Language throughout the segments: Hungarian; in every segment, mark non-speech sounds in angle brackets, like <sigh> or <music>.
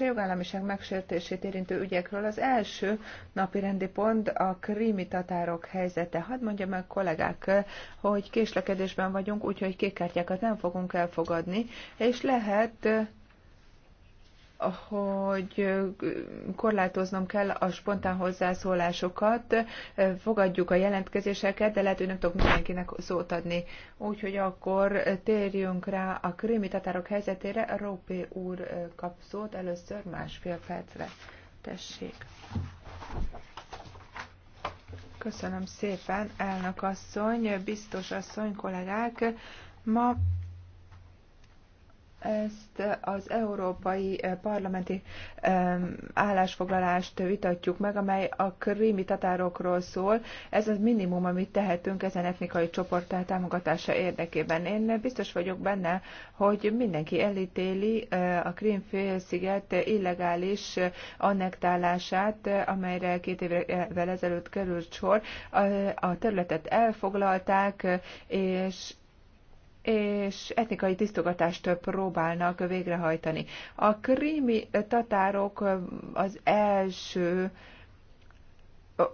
és a jogállamiság megsértését érintő ügyekről. Az első napi rendi pont a krími tatárok helyzete. Hadd mondja meg kollégák, hogy késlekedésben vagyunk, úgyhogy kékkártyákat nem fogunk elfogadni, és lehet hogy korlátoznom kell a spontán hozzászólásokat, fogadjuk a jelentkezéseket, de lehet, hogy nem tudok mindenkinek szót adni. Úgyhogy akkor térjünk rá a krimi tatárok helyzetére. Rópé úr kap szót először másfél percre. Tessék. Köszönöm szépen, elnök asszony, biztos asszony, kollégák. Ma ezt az európai eh, parlamenti állásfoglalást vitatjuk meg, amely a krími tatárokról szól. Ez az minimum, amit tehetünk ezen etnikai csoport támogatása érdekében. Én biztos vagyok benne, hogy mindenki elítéli eh, a krím félsziget illegális eh, annektálását, amelyre két évvel ezelőtt került sor. A területet elfoglalták, és és etnikai tisztogatást próbálnak végrehajtani. A krími tatárok az első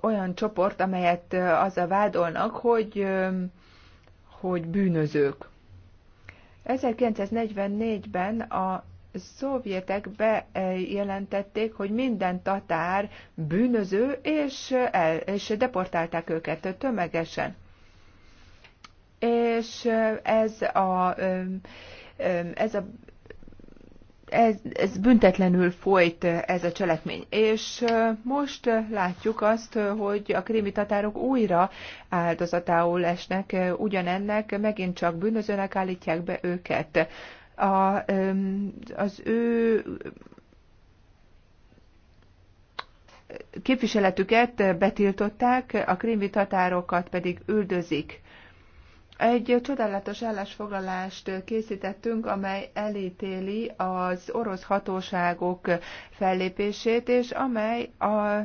olyan csoport, amelyet az a vádolnak, hogy, hogy bűnözők. 1944-ben a szovjetek bejelentették, hogy minden tatár bűnöző, és, el, és deportálták őket tömegesen és ez a, ez a ez, ez büntetlenül folyt ez a cselekmény. És most látjuk azt, hogy a krimi tatárok újra áldozatául esnek ugyanennek, megint csak bűnözőnek állítják be őket. A, az ő képviseletüket betiltották, a krimi tatárokat pedig üldözik egy csodálatos állásfoglalást készítettünk, amely elítéli az orosz hatóságok fellépését, és amely a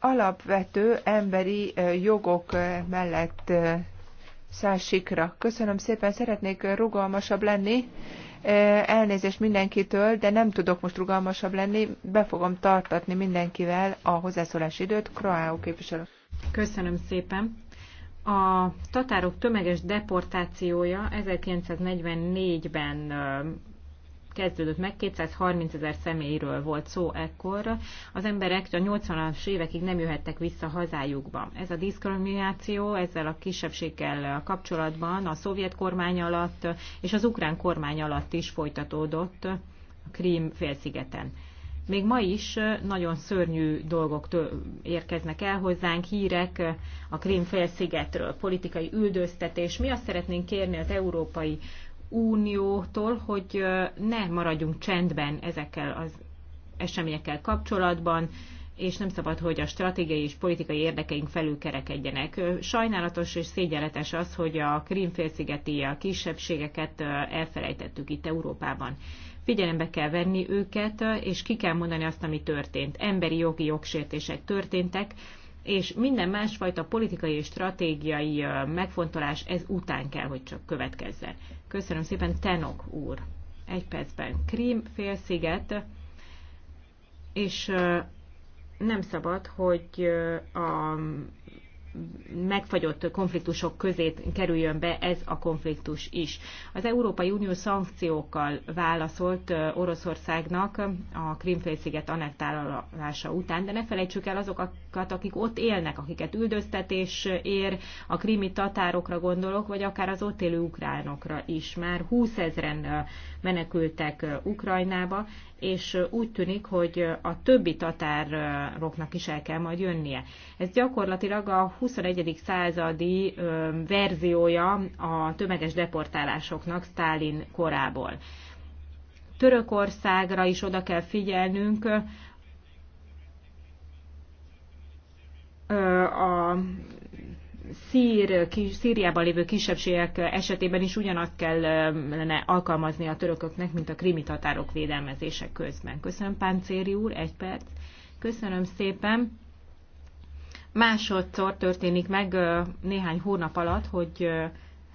alapvető emberi jogok mellett szásikra. Köszönöm szépen, szeretnék rugalmasabb lenni. Elnézést mindenkitől, de nem tudok most rugalmasabb lenni. Be fogom tartatni mindenkivel a hozzászólási időt. Kroáó képviselő. Köszönöm szépen. A tatárok tömeges deportációja 1944-ben kezdődött meg, 230 ezer személyről volt szó ekkor. Az emberek a 80-as évekig nem jöhettek vissza hazájukba. Ez a diszkrimináció ezzel a kisebbséggel a kapcsolatban a szovjet kormány alatt és az ukrán kormány alatt is folytatódott a Krím félszigeten még ma is nagyon szörnyű dolgok érkeznek el hozzánk, hírek a Krímfélszigetről, politikai üldöztetés. Mi azt szeretnénk kérni az Európai Uniótól, hogy ne maradjunk csendben ezekkel az eseményekkel kapcsolatban, és nem szabad, hogy a stratégiai és politikai érdekeink kerekedjenek. Sajnálatos és szégyenletes az, hogy a Krímfélszigeti kisebbségeket elfelejtettük itt Európában figyelembe kell venni őket, és ki kell mondani azt, ami történt. Emberi jogi jogsértések történtek, és minden másfajta politikai és stratégiai megfontolás ez után kell, hogy csak következzen. Köszönöm szépen, Tenok úr. Egy percben. Krím félsziget, és nem szabad, hogy a megfagyott konfliktusok közé kerüljön be ez a konfliktus is. Az Európai Unió szankciókkal válaszolt Oroszországnak a Krimfélsziget anektálása után, de ne felejtsük el azokat, akik ott élnek, akiket üldöztetés ér, a krimi tatárokra gondolok, vagy akár az ott élő ukránokra is. Már 20 ezeren menekültek Ukrajnába, és úgy tűnik, hogy a többi tatároknak is el kell majd jönnie. Ez gyakorlatilag a 21. századi verziója a tömeges deportálásoknak Stálin korából. Törökországra is oda kell figyelnünk, a szír, Szíriában lévő kisebbségek esetében is ugyanazt kellene alkalmazni a törököknek, mint a krimi tatárok védelmezése közben. Köszönöm, Páncéri úr, egy perc. Köszönöm szépen. Másodszor történik meg néhány hónap alatt, hogy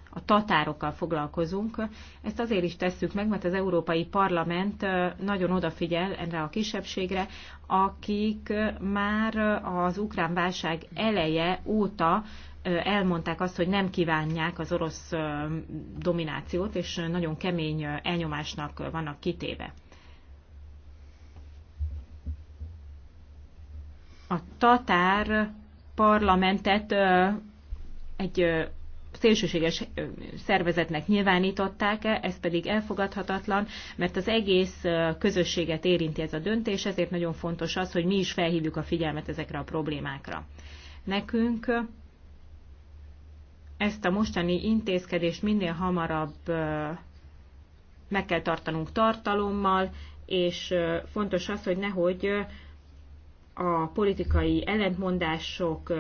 a tatárokkal foglalkozunk. Ezt azért is tesszük meg, mert az Európai Parlament nagyon odafigyel erre a kisebbségre, akik már az ukrán válság eleje óta elmondták azt, hogy nem kívánják az orosz dominációt, és nagyon kemény elnyomásnak vannak kitéve. A tatár parlamentet egy szélsőséges szervezetnek nyilvánították, -e, ez pedig elfogadhatatlan, mert az egész közösséget érinti ez a döntés, ezért nagyon fontos az, hogy mi is felhívjuk a figyelmet ezekre a problémákra. Nekünk ezt a mostani intézkedést minél hamarabb meg kell tartanunk tartalommal, és fontos az, hogy nehogy a politikai ellentmondások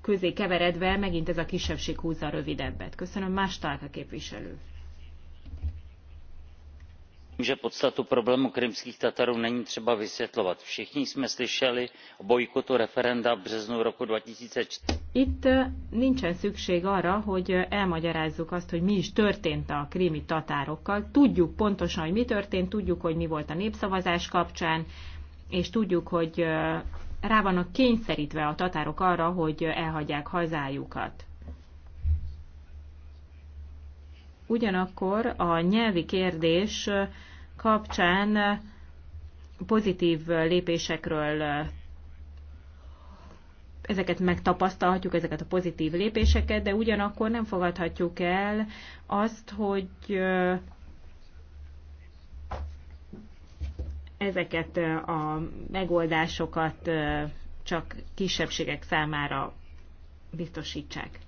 közé keveredve megint ez a kisebbség húzza rövidebbet. Köszönöm, más tárka képviselő že podstatu problému krymských tatarů není třeba vysvětlovat všichni jsme slyšeli o bojkotu referenda v březnu roku. two thousand and four itt eh, nincsen szükség arra hogy eh, elmagyarázzuk azt hogy mi is történt a krimi tatárokkal tudjuk pontosan hogy mi történt tudjuk hogy mi volt a népszavazás kapcsán és tudjuk hogy eh, rá vannak kényszerítve a tatárok arra hogy elhagyják hazájukat. Ugyanakkor a nyelvi kérdés kapcsán pozitív lépésekről ezeket megtapasztalhatjuk, ezeket a pozitív lépéseket, de ugyanakkor nem fogadhatjuk el azt, hogy ezeket a megoldásokat csak kisebbségek számára biztosítsák.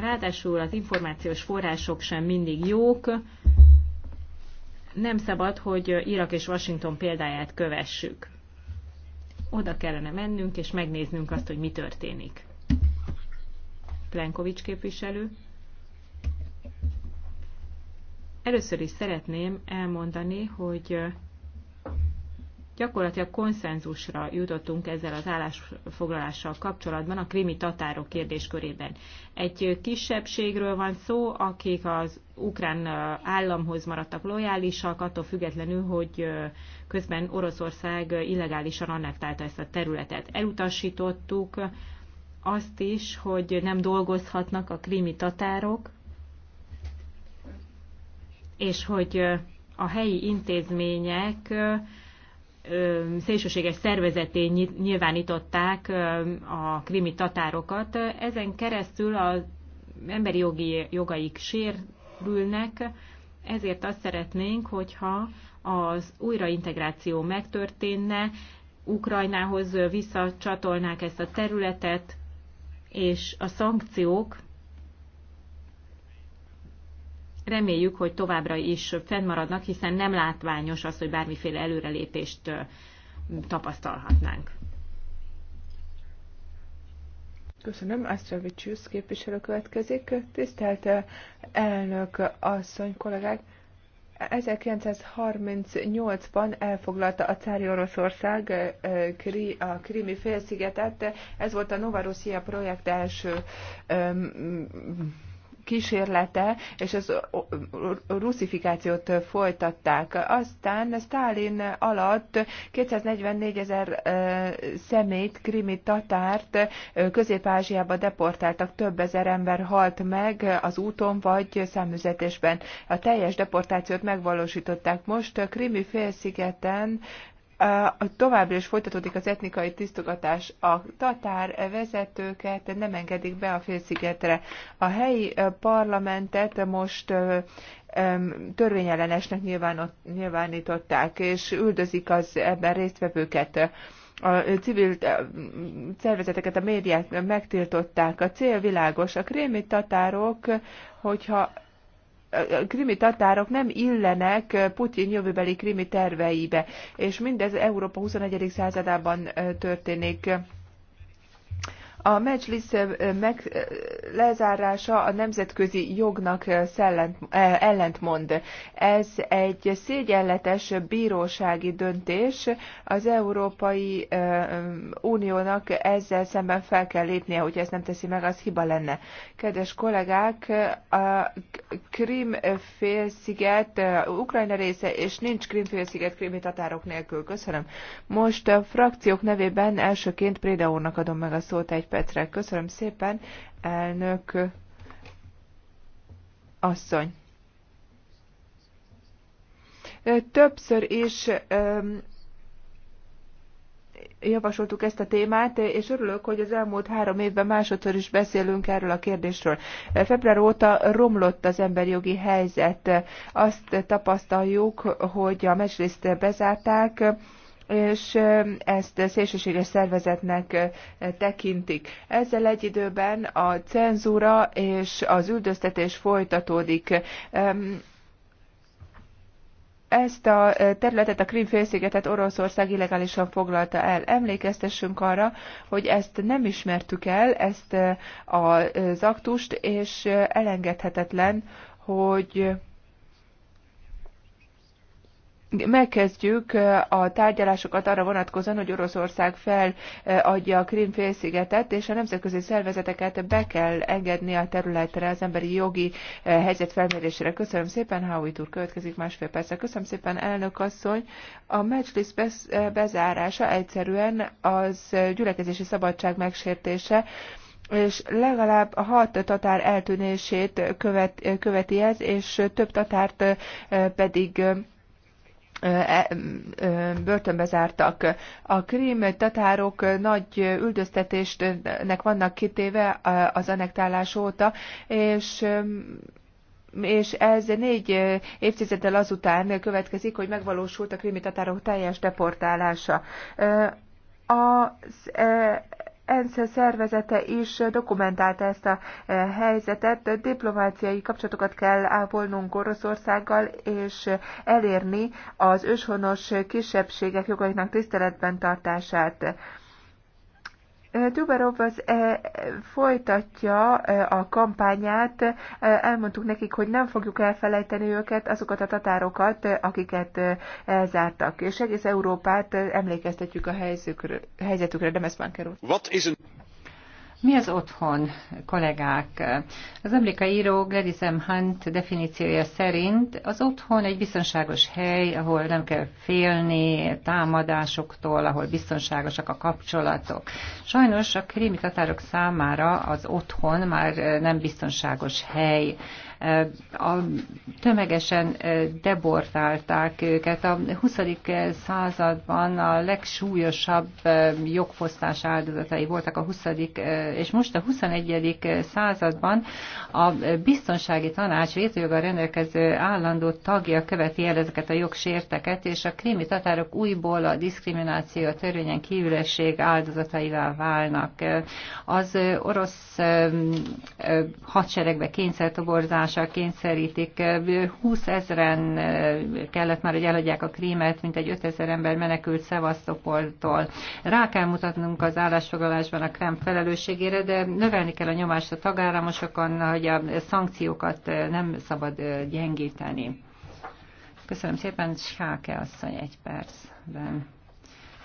Ráadásul az információs források sem mindig jók. Nem szabad, hogy Irak és Washington példáját kövessük. Oda kellene mennünk és megnéznünk azt, hogy mi történik. Plenkovics képviselő. Először is szeretném elmondani, hogy Gyakorlatilag konszenzusra jutottunk ezzel az állásfoglalással kapcsolatban a krimi tatárok kérdéskörében. Egy kisebbségről van szó, akik az ukrán államhoz maradtak lojálisak, attól függetlenül, hogy közben Oroszország illegálisan annektálta ezt a területet. Elutasítottuk azt is, hogy nem dolgozhatnak a krimi tatárok, és hogy a helyi intézmények szélsőséges szervezeté nyilvánították a krimi tatárokat. Ezen keresztül az emberi jogi jogaik sérülnek, ezért azt szeretnénk, hogyha az újraintegráció megtörténne, Ukrajnához visszacsatolnák ezt a területet, és a szankciók reméljük, hogy továbbra is fennmaradnak, hiszen nem látványos az, hogy bármiféle előrelépést tapasztalhatnánk. Köszönöm, Asztravicsius képviselő következik. Tisztelt elnök asszony, kollégák! 1938-ban elfoglalta a cári Oroszország a Krimi félszigetet. Ez volt a Novarossia projekt első kísérlete, és az ruszifikációt folytatták. Aztán Stalin alatt 244 ezer szemét, krimi tatárt Közép-Ázsiába deportáltak, több ezer ember halt meg az úton vagy számüzetésben. A teljes deportációt megvalósították. Most a krimi félszigeten Továbbra is folytatódik az etnikai tisztogatás. A tatár vezetőket nem engedik be a félszigetre. A helyi parlamentet most törvényellenesnek nyilvánították, és üldözik az ebben résztvevőket a civil szervezeteket, a médiát megtiltották. A cél világos. A krémi tatárok, hogyha krimi tatárok nem illenek Putyin jövőbeli krimi terveibe, és mindez Európa 21. századában történik. A meccslis meg, lezárása a nemzetközi jognak szellent, ellentmond. Ez egy szégyenletes bírósági döntés. Az Európai Uniónak ezzel szemben fel kell lépnie, hogy ezt nem teszi meg, az hiba lenne. Kedves kollégák, a Krim félsziget Ukrajna része, és nincs Krim félsziget krimi tatárok nélkül. Köszönöm. Most a frakciók nevében elsőként Préda úrnak adom meg a szót egy Petre. Köszönöm szépen, elnök asszony. Többször is javasoltuk ezt a témát, és örülök, hogy az elmúlt három évben másodszor is beszélünk erről a kérdésről. Február óta romlott az emberi jogi helyzet. Azt tapasztaljuk, hogy a meslészt bezárták, és ezt szélsőséges szervezetnek tekintik. Ezzel egy időben a cenzúra és az üldöztetés folytatódik. Ezt a területet, a Krimfélszigetet Oroszország illegálisan foglalta el. Emlékeztessünk arra, hogy ezt nem ismertük el, ezt az aktust, és elengedhetetlen, hogy megkezdjük eh, a tárgyalásokat arra vonatkozóan, hogy Oroszország feladja a Krim-félszigetet, és a nemzetközi szervezeteket be kell engedni a területre az emberi jogi eh, helyzet felmérésére. Köszönöm szépen, Howitt úr, következik másfél percre. Köszönöm szépen, elnök asszony. A meccsliszt eh, bezárása egyszerűen az gyülekezési szabadság megsértése, és legalább hat tatár eltűnését követ, követi ez, és több tatárt pedig E, börtönbe zártak. A krím tatárok nagy üldöztetésnek vannak kitéve az anektálás óta, és és ez négy évtizeddel azután következik, hogy megvalósult a krimi tatárok teljes deportálása. Az ENSZ szervezete is dokumentálta ezt a eh, helyzetet. Diplomáciai kapcsolatokat kell ápolnunk Oroszországgal, és elérni az őshonos kisebbségek jogainak tiszteletben tartását. Tuberov az e, folytatja e, a kampányát, e, elmondtuk nekik, hogy nem fogjuk elfelejteni őket, azokat a tatárokat, akiket elzártak, és egész Európát emlékeztetjük a helyzetükre, helyzetükre Demeszmánker került. Mi az otthon, kollégák? Az író Gladysem Hunt definíciója szerint az otthon egy biztonságos hely, ahol nem kell félni támadásoktól, ahol biztonságosak a kapcsolatok. Sajnos a krími tatárok számára az otthon már nem biztonságos hely a, tömegesen deportálták őket. A 20. században a legsúlyosabb jogfosztás áldozatai voltak a 20. és most a 21. században a biztonsági tanács vétőjoga rendelkező állandó tagja követi el ezeket a jogsérteket, és a krími tatárok újból a diszkrimináció a törvényen kívülesség áldozataivá válnak. Az orosz hadseregbe kényszertoborzás megoldással kényszerítik. 20 ezeren kellett már, hogy eladják a krímet, mint egy 5000 ember menekült Szevasztopoltól. Rá kell mutatnunk az állásfoglalásban a krem felelősségére, de növelni kell a nyomást a tagállamosokon, hogy a szankciókat nem szabad gyengíteni. Köszönöm szépen, Sáke asszony egy percben.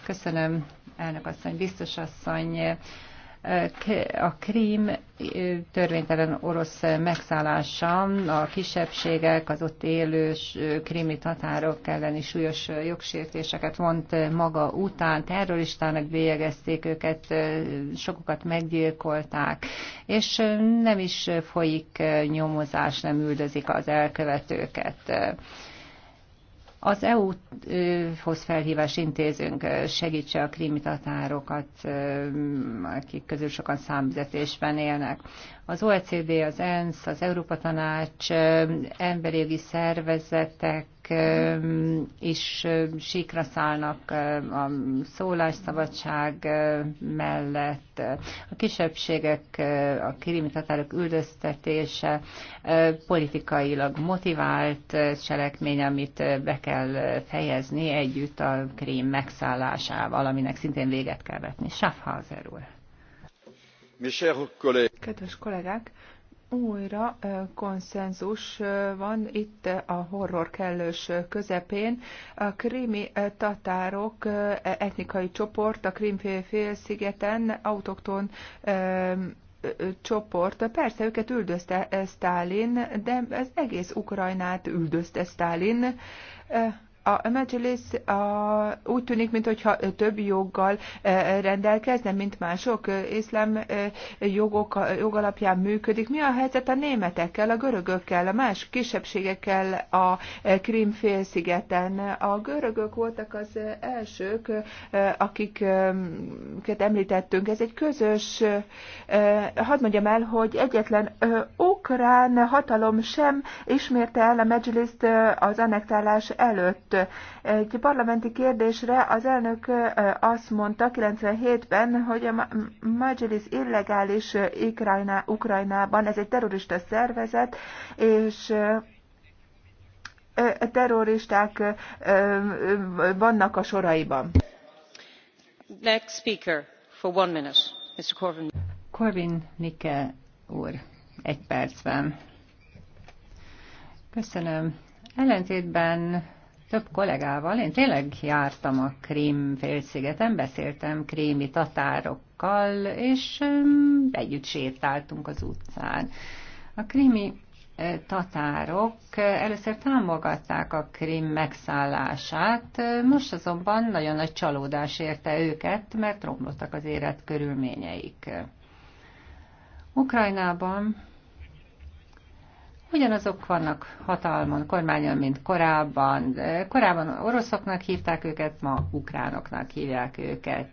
Köszönöm, elnök asszony, biztos asszony a krím törvénytelen orosz megszállása, a kisebbségek, az ott élő krími tatárok elleni súlyos jogsértéseket vont maga után, terroristának bélyegezték őket, sokukat meggyilkolták, és nem is folyik nyomozás, nem üldözik az elkövetőket az EU-hoz felhívás intézünk, segítse a krimitatárok, akik közül sokan számüzetésben élnek. Az OECD, az ENSZ, az Európa Tanács, emberi jogi szervezetek is síkra szállnak a szólásszabadság mellett. A kisebbségek, a krimi tatárok üldöztetése politikailag motivált cselekmény, amit be kell fejezni együtt a krím megszállásával, aminek szintén véget kell vetni. Schaffhauser úr. Kedves kollégák, újra konszenzus van itt a horror kellős közepén. A krími tatárok e, etnikai csoport a krim félszigeten autokton csoport. Persze őket üldözte Stálin, de ez egész Ukrajnát üldözte Stálin a Megelis a, úgy tűnik, mintha több joggal e, rendelkezne, mint mások iszlám e, jogok, jogalapján működik. Mi a helyzet a németekkel, a görögökkel, a más kisebbségekkel a e, Krim félszigeten? A görögök voltak az elsők, akiket említettünk. Ez egy közös, hadd mondjam el, hogy egyetlen ukrán hatalom sem ismerte el a Megeliszt az annektálás előtt most egy parlamenti kérdésre az elnök azt mondta 97-ben, hogy a Majelis illegális Ukrajná, Ukrajnában, ez egy terrorista szervezet, és terroristák vannak a soraiban. Next speaker for one minute, Mr. Corbyn. Corbyn Nike úr, egy percben. Köszönöm. Ellentétben több kollégával, én tényleg jártam a Krím félszigeten, beszéltem krími tatárokkal, és együtt sétáltunk az utcán. A krími tatárok először támogatták a Krim megszállását, most azonban nagyon nagy csalódás érte őket, mert romlottak az élet körülményeik. Ukrajnában Ugyanazok vannak hatalmon, kormányon, mint korábban. Korábban oroszoknak hívták őket, ma ukránoknak hívják őket.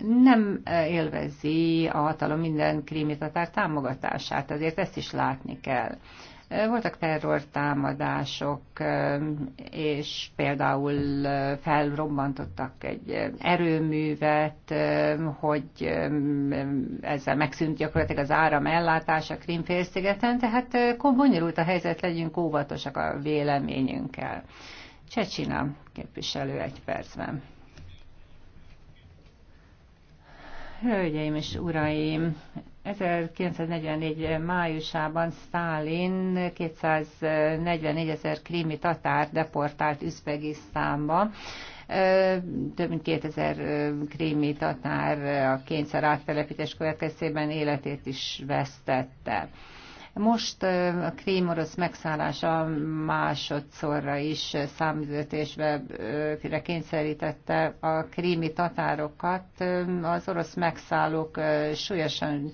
Nem élvezi a hatalom minden krímitatár támogatását, azért ezt is látni kell. Voltak terrortámadások, és például felrobbantottak egy erőművet, hogy ezzel megszűnt gyakorlatilag az áram ellátása Krimfélszigeten, tehát bonyolult a helyzet, legyünk óvatosak a véleményünkkel. Csecsina képviselő egy percben. Hölgyeim és uraim, 1944. májusában Stálin 244 ezer krími tatár deportált Üzbegisztánba. Több mint 2000 krími tatár a kényszer áttelepítés következtében életét is vesztette. Most a krém orosz megszállása másodszorra is számüzetésbe kényszerítette a krími tatárokat. Az orosz megszállók súlyosan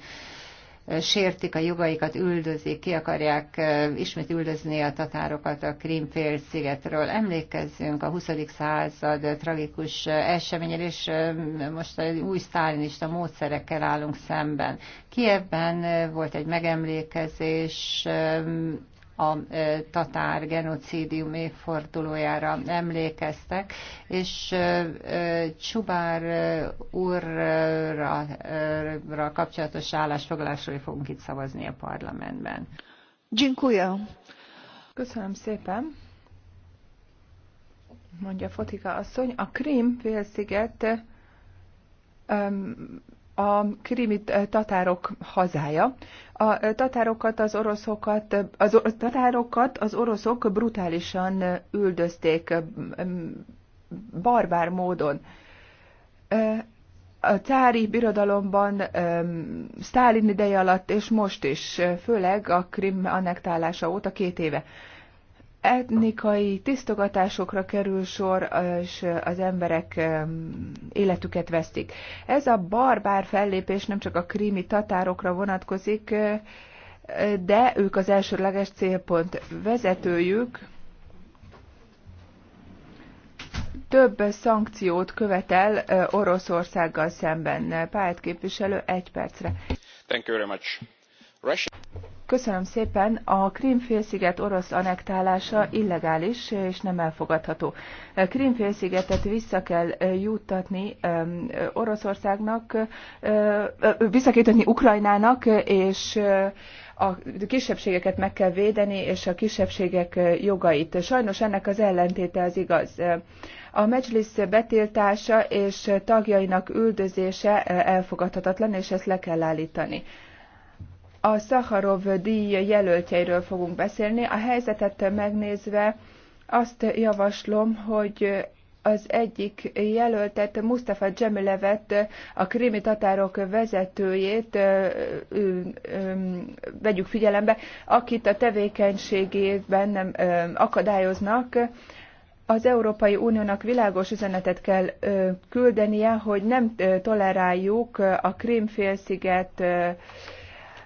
sértik a jogaikat, üldözik, ki akarják ismét üldözni a tatárokat a Krímfélszigetről. Emlékezzünk a 20. század tragikus eseményel, és most új sztálinista módszerekkel állunk szemben. Kievben volt egy megemlékezés, a tatár genocidium évfordulójára emlékeztek, és Csubár úrra kapcsolatos állásfoglalásról fogunk itt szavazni a parlamentben. Dziękuję. Köszönöm szépen. Mondja Fotika asszony, a Krím félsziget a krimi tatárok hazája. A tatárokat, az oroszokat, az tatárokat az oroszok brutálisan üldözték mm, barbár módon. A cári birodalomban Sztálin ideje alatt, és most is, főleg a Krim annektálása óta két éve etnikai tisztogatásokra kerül sor, és az emberek életüket vesztik. Ez a barbár fellépés nem csak a krími tatárokra vonatkozik, de ők az elsőleges célpont. Vezetőjük több szankciót követel Oroszországgal szemben. Pályát képviselő, egy percre. Thank you very much. Köszönöm szépen. A Krímfélsziget orosz anektálása illegális és nem elfogadható. Krímfélszigetet vissza kell juttatni Oroszországnak, vissza kell juttatni Ukrajnának, és a kisebbségeket meg kell védeni, és a kisebbségek jogait. Sajnos ennek az ellentéte az igaz. A meccslis betiltása és tagjainak üldözése elfogadhatatlan, és ezt le kell állítani a Szaharov díj jelöltjeiről fogunk beszélni. A helyzetet megnézve azt javaslom, hogy az egyik jelöltet, Mustafa Dzsemilevet, a krimi tatárok vezetőjét vegyük figyelembe, akit a tevékenységében nem akadályoznak. Az Európai Uniónak világos üzenetet kell küldenie, hogy nem toleráljuk a krimfélsziget. félsziget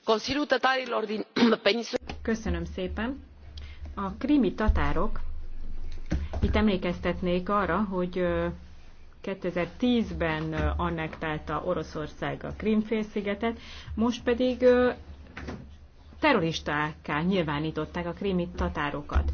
<clears throat> Köszönöm szépen. A krimi tatárok, itt emlékeztetnék arra, hogy 2010-ben annektálta Oroszország a félszigetet most pedig terroristákká nyilvánították a krmi tatárokat.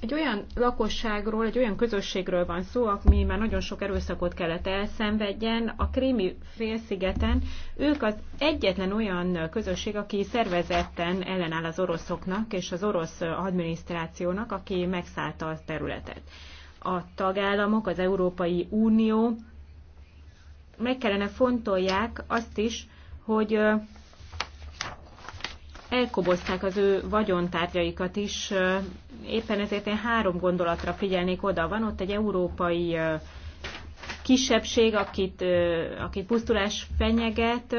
Egy olyan lakosságról, egy olyan közösségről van szó, ami már nagyon sok erőszakot kellett elszenvedjen. A Krími félszigeten ők az egyetlen olyan közösség, aki szervezetten ellenáll az oroszoknak és az orosz adminisztrációnak, aki megszállta a területet. A tagállamok, az Európai Unió meg kellene fontolják azt is, hogy elkobozták az ő vagyontárgyaikat is. Éppen ezért én három gondolatra figyelnék oda. Van ott egy európai kisebbség, akit, akit pusztulás fenyeget.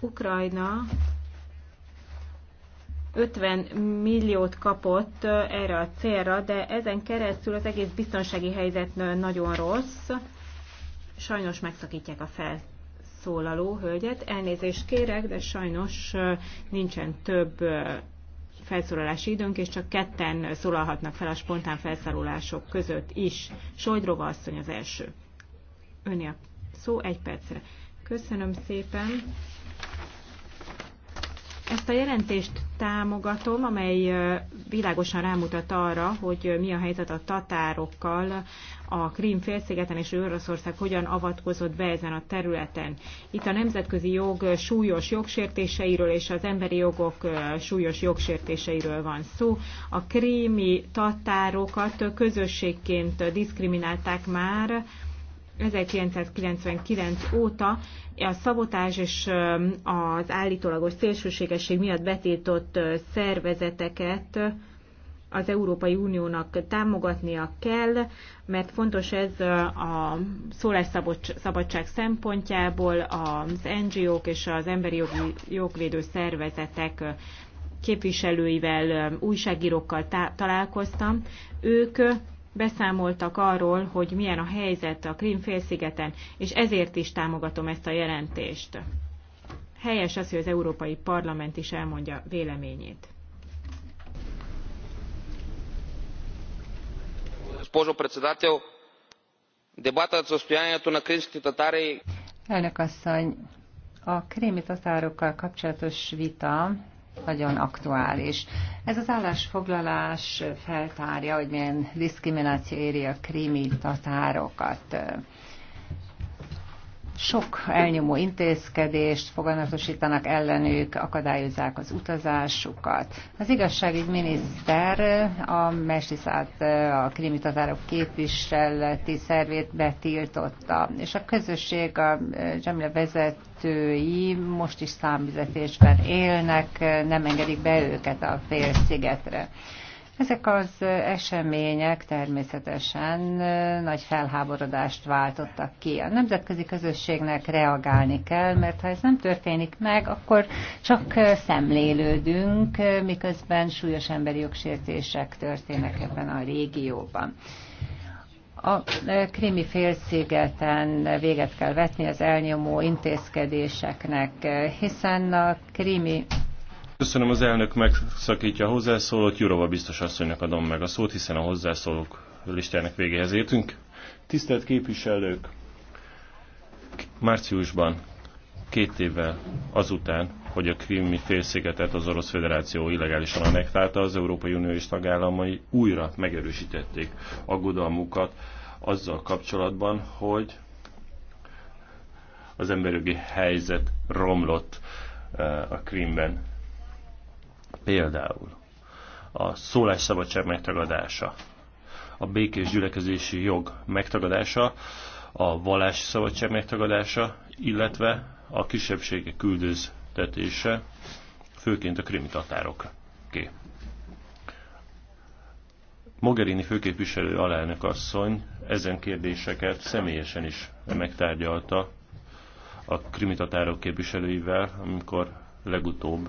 Ukrajna 50 milliót kapott erre a célra, de ezen keresztül az egész biztonsági helyzet nagyon rossz. Sajnos megszakítják a fel szólaló hölgyet. Elnézést kérek, de sajnos nincsen több felszólalási időnk, és csak ketten szólalhatnak fel a spontán felszólalások között is. Sojdrova asszony az első. Önni a szó egy percre. Köszönöm szépen. Ezt a jelentést támogatom, amely világosan rámutat arra, hogy mi a helyzet a tatárokkal a Krím félszigeten és Oroszország hogyan avatkozott be ezen a területen. Itt a nemzetközi jog súlyos jogsértéseiről és az emberi jogok súlyos jogsértéseiről van szó. A krími tatárokat közösségként diszkriminálták már 1999 óta a szabotás és az állítólagos szélsőségesség miatt betiltott szervezeteket az Európai Uniónak támogatnia kell, mert fontos ez a szólásszabadság szempontjából az NGO-k és az emberi jogi, jogvédő szervezetek képviselőivel, újságírókkal találkoztam. Ők beszámoltak arról, hogy milyen a helyzet a Krímfélszigeten, és ezért is támogatom ezt a jelentést. Helyes az, hogy az Európai Parlament is elmondja véleményét. госпожо председател дебатът за състоянието на кримските татари. Elnök asszony, a krémi tatárokkal kapcsolatos vita nagyon aktuális. Ez az állásfoglalás feltárja, hogy milyen diszkrimináció éri a krími tatárokat sok elnyomó intézkedést foganatosítanak ellenük, akadályozzák az utazásukat. Az miniszter a Mesiszát, a krimi tatárok képviseleti szervét betiltotta, és a közösség, a Jamila vezetői most is számvizetésben élnek, nem engedik be őket a félszigetre. Ezek az események természetesen nagy felháborodást váltottak ki. A nemzetközi közösségnek reagálni kell, mert ha ez nem történik meg, akkor csak szemlélődünk, miközben súlyos emberi jogsértések történnek ebben a régióban. A krimi félszigeten véget kell vetni az elnyomó intézkedéseknek, hiszen a krimi Köszönöm az elnök megszakítja a hozzászólót, Jurova biztos asszonynak adom meg a szót, hiszen a hozzászólók listának végéhez értünk. Tisztelt képviselők! Márciusban két évvel azután, hogy a krimi félszigetet az Orosz Föderáció illegálisan megtálta, az Európai Unió és tagállamai újra megerősítették aggodalmukat azzal kapcsolatban, hogy az emberjogi helyzet romlott eh, a Krimben. Például a szólásszabadság megtagadása, a békés gyülekezési jog megtagadása, a vallási szabadság megtagadása, illetve a kisebbségek küldöztetése, főként a krimi Okay. Mogherini főképviselő alelnök asszony ezen kérdéseket személyesen is megtárgyalta a krimitatárok képviselőivel, amikor legutóbb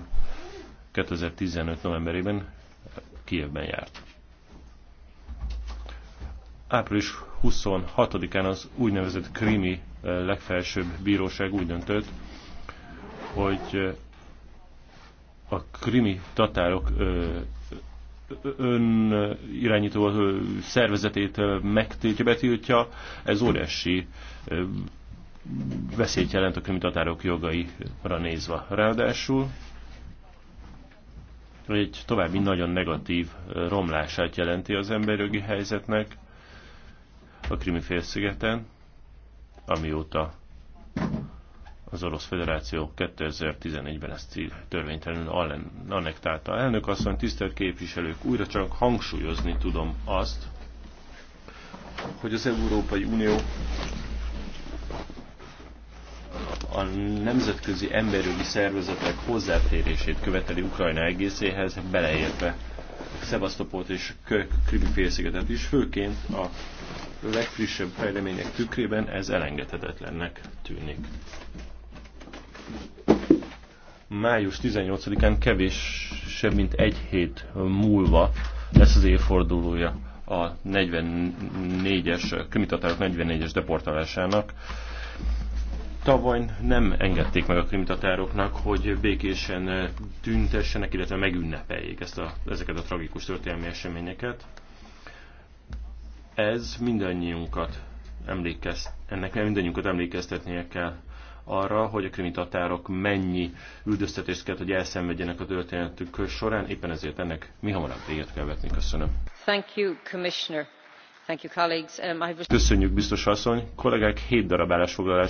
2015. novemberében Kievben járt. Április 26-án az úgynevezett Krimi eh, legfelsőbb bíróság úgy döntött, hogy eh, a krimi tatárok eh, ön irányító szervezetét megtiltja, betiltja, ez óriási veszélyt jelent a krimi tatárok jogaira nézve. Ráadásul egy további nagyon negatív romlását jelenti az emberjogi helyzetnek a Krimi félszigeten, amióta az Orosz Federáció 2011-ben ezt törvénytelenül annektálta. Elnök asszony, tisztelt képviselők, újra csak hangsúlyozni tudom azt, hogy az Európai Unió a nemzetközi emberjogi szervezetek hozzáférését követeli Ukrajna egészéhez, beleértve Szevasztopolt és Krimi félszigetet is, főként a legfrissebb fejlemények tükrében ez elengedhetetlennek tűnik. Május 18-án kevésebb mint egy hét múlva lesz az évfordulója a 44-es, krimitatárok 44-es deportálásának. Tavaly nem engedték meg a krimitatároknak, hogy békésen eh, tüntessenek, illetve megünnepeljék ezt a, ezeket a tragikus történelmi eseményeket. Ez mindannyiunkat emlékez, ennek mindannyiunkat emlékeztetnie kell arra, hogy a krimitatárok mennyi üldöztetést kell, hogy elszenvedjenek a történetük során, éppen ezért ennek mi hamarabb véget kell vetni. Köszönöm. Thank you, Commissioner. Thank you, colleagues. Um, I've... Köszönjük, biztos asszony. Kollégák, hét darab állásfoglalás